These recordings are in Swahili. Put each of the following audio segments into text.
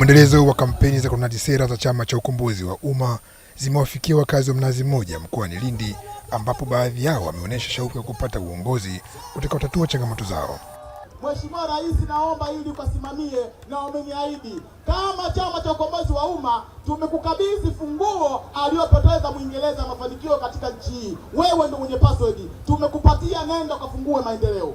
Mwendelezo wa kampeni za kunadi sera za chama cha ukombozi wa umma zimewafikia wakazi wa Mnazi Mmoja mkoani Lindi, ambapo baadhi yao wameonyesha shauku ya kupata uongozi utakaotatua changamoto zao. Mheshimiwa Rais, naomba ili ukasimamie, na umeniahidi kama chama cha ukombozi wa umma tumekukabidhi funguo aliyopoteza Mwingereza mafanikio katika nchi hii. Wewe ndio mwenye password, tumekupatia, nenda ukafungue maendeleo.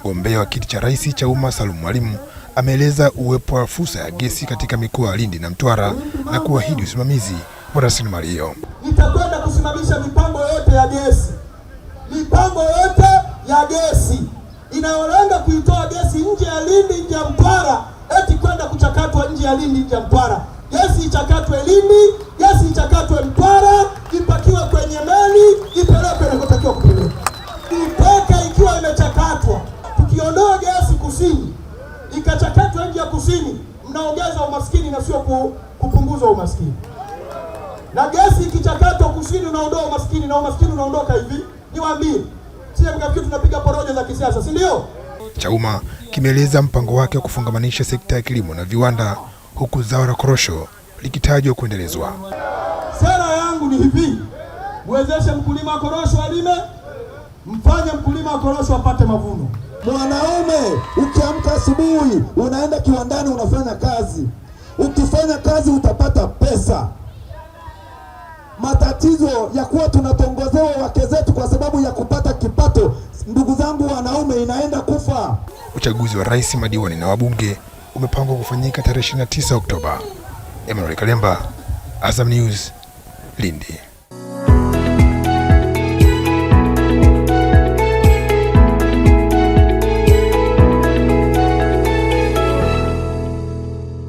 Mgombea wa kiti cha rais cha umma Salum Mwalimu ameeleza uwepo wa fursa ya gesi katika mikoa ya Lindi na Mtwara na kuahidi usimamizi wa rasilimali hiyo. Nitakwenda kusimamisha mipango yote ya gesi, mipango yote ya gesi inayolenga kuitoa gesi nje ya Lindi, nje ya Mtwara, eti kwenda kuchakatwa nje ya Lindi, nje ya Mtwara. Gesi ichakatwe Lindi. hamsini, mnaongeza umaskini na sio kupunguza umaskini. Na gesi ikichakatwa kusini, unaondoa umaskini na umaskini unaondoka hivi. Niwaambie, tunapiga porojo za kisiasa, si ndio? Chauma kimeeleza mpango wake wa kufungamanisha sekta ya kilimo na viwanda, huku zao la korosho likitajwa kuendelezwa. Sera yangu ni hivi, mwezeshe mkulima wa korosho alime, mfanye mkulima wa korosho apate mavuno. Mwanaume ukiamka asubuhi, unaenda kiwandani, unafanya kazi. Ukifanya kazi utapata pesa. Matatizo ya kuwa tunatongozewa wake zetu kwa sababu ya kupata kipato, ndugu zangu wanaume, inaenda kufa. Uchaguzi wa rais, madiwani na wabunge umepangwa kufanyika tarehe 29 Oktoba. Emmanuel Kalemba, Azam News, Lindi.